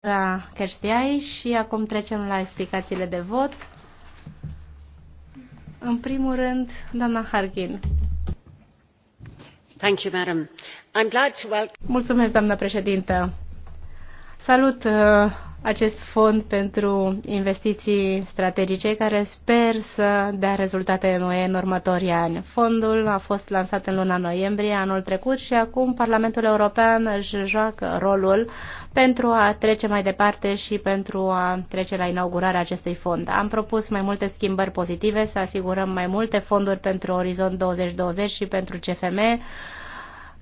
la CashDI și acum trecem la explicațiile de vot. În primul rând, doamna Harkin. Thank you, madam. I'm glad to welcome... Mulțumesc, doamna președintă. Salut uh, acest fond pentru investiții strategice care sper să dea rezultate în UE în următorii ani. Fondul a fost lansat în luna noiembrie anul trecut și acum Parlamentul European își joacă rolul pentru a trece mai departe și pentru a trece la inaugurarea acestui fond. Am propus mai multe schimbări pozitive, să asigurăm mai multe fonduri pentru Orizont 2020 și pentru CFM,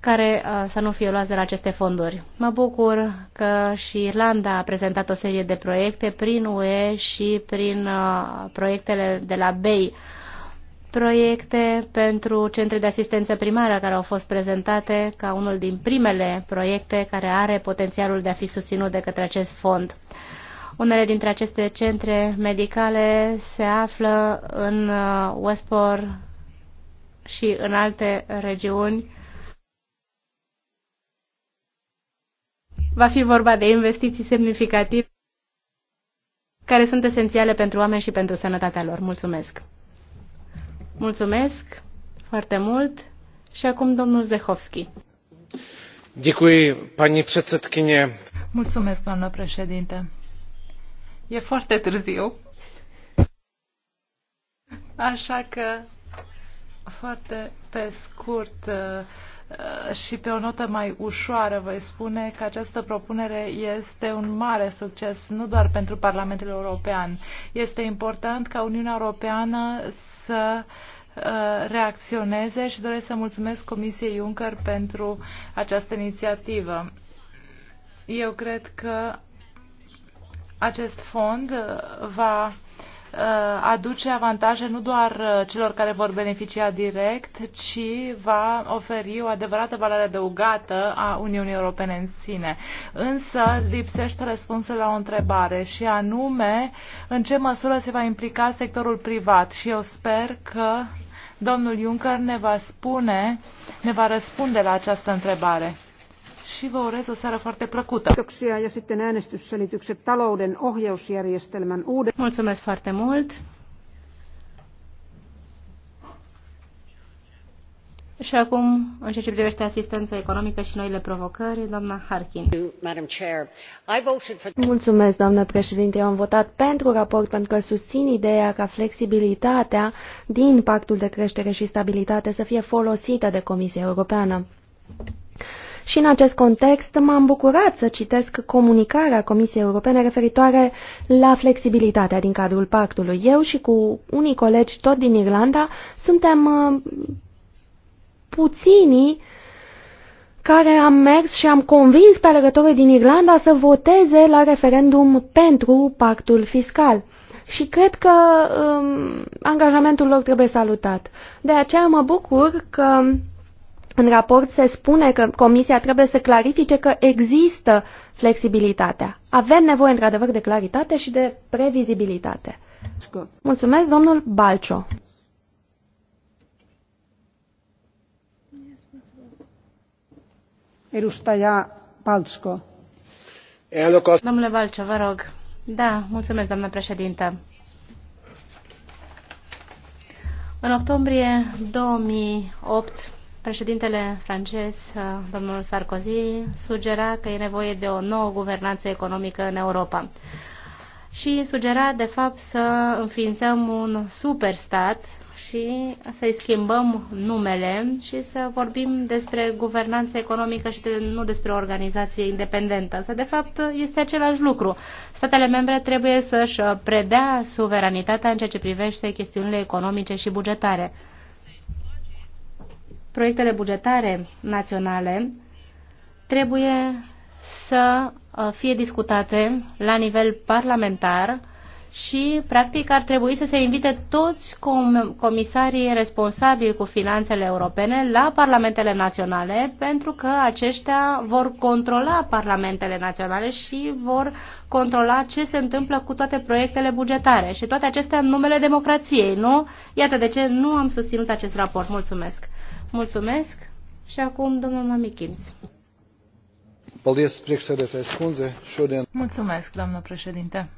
care uh, să nu fie luați de la aceste fonduri. Mă bucur că și Irlanda a prezentat o serie de proiecte prin UE și prin uh, proiectele de la BEI, proiecte pentru centre de asistență primară care au fost prezentate ca unul din primele proiecte care are potențialul de a fi susținut de către acest fond. Unele dintre aceste centre medicale se află în uh, Westport și în alte regiuni Va fi vorba de investiții semnificative care sunt esențiale pentru oameni și pentru sănătatea lor. Mulțumesc! Mulțumesc foarte mult și acum domnul Zehovski. Děkuji, paní předsedkyně. Mulțumesc, doamnă președinte. E foarte târziu, așa că foarte pe scurt Uh, și pe o notă mai ușoară voi spune că această propunere este un mare succes, nu doar pentru Parlamentul European. Este important ca Uniunea Europeană să uh, reacționeze și doresc să mulțumesc Comisiei Juncker pentru această inițiativă. Eu cred că acest fond uh, va Uh, aduce avantaje nu doar uh, celor care vor beneficia direct, ci va oferi o adevărată valoare adăugată a Uniunii Europene în sine. Însă lipsește răspunsul la o întrebare și anume în ce măsură se va implica sectorul privat și eu sper că domnul Juncker ne va spune, ne va răspunde la această întrebare și vă urez o seară foarte plăcută. Kiitoksia ja sitten äänestysselitykset talouden ohjausjärjestelmän uuden... Mulțumesc foarte mult. Și acum, în ceea ce privește asistența economică și noile provocări, doamna Harkin. Mulțumesc, doamnă președinte. Eu am votat pentru raport pentru că susțin ideea ca flexibilitatea din Pactul de Creștere și Stabilitate să fie folosită de Comisia Europeană. Și în acest context m-am bucurat să citesc comunicarea Comisiei Europene referitoare la flexibilitatea din cadrul pactului. Eu și cu unii colegi tot din Irlanda suntem uh, puținii care am mers și am convins pe alegătorii din Irlanda să voteze la referendum pentru pactul fiscal. Și cred că um, angajamentul lor trebuie salutat. De aceea mă bucur că în raport se spune că Comisia trebuie să clarifice că există flexibilitatea. Avem nevoie, într-adevăr, de claritate și de previzibilitate. Mulțumesc, domnul Balcio. Domnule Balcio, vă rog. Da, mulțumesc, doamnă președintă. În octombrie 2008, Președintele francez, uh, domnul Sarkozy, sugera că e nevoie de o nouă guvernanță economică în Europa și sugera, de fapt, să înființăm un superstat și să-i schimbăm numele și să vorbim despre guvernanță economică și de, nu despre o organizație independentă. Să de fapt, este același lucru. Statele membre trebuie să-și predea suveranitatea în ceea ce privește chestiunile economice și bugetare proiectele bugetare naționale trebuie să uh, fie discutate la nivel parlamentar și, practic, ar trebui să se invite toți com comisarii responsabili cu finanțele europene la parlamentele naționale, pentru că aceștia vor controla parlamentele naționale și vor controla ce se întâmplă cu toate proiectele bugetare și toate acestea în numele democrației, nu? Iată de ce nu am susținut acest raport. Mulțumesc! Mulțumesc și acum domnul Mamichins. Mulțumesc, doamnă președinte.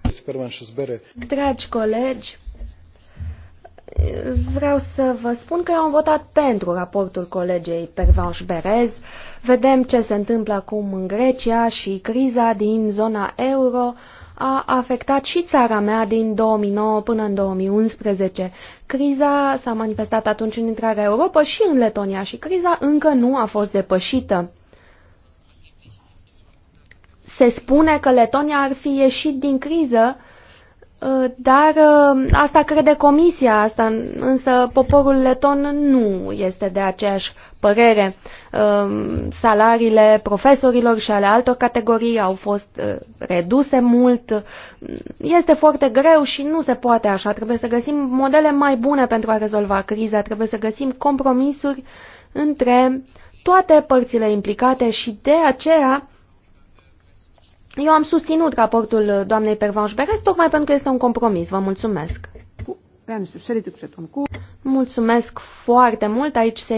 Dragi colegi, vreau să vă spun că eu am votat pentru raportul colegei Pervanș Berez. Vedem ce se întâmplă acum în Grecia și criza din zona euro a afectat și țara mea din 2009 până în 2011. Criza s-a manifestat atunci în intrarea Europa și în Letonia și criza încă nu a fost depășită. Se spune că Letonia ar fi ieșit din criză Uh, dar uh, asta crede comisia, asta, însă poporul leton nu este de aceeași părere. Uh, salariile profesorilor și ale altor categorii au fost reduse mult. Este foarte greu și nu se poate așa. Trebuie să găsim modele mai bune pentru a rezolva criza. Trebuie să găsim compromisuri între toate părțile implicate și de aceea eu am susținut raportul doamnei Pervanș Beres tocmai pentru că este un compromis. Vă mulțumesc! Mulțumesc foarte mult! Aici se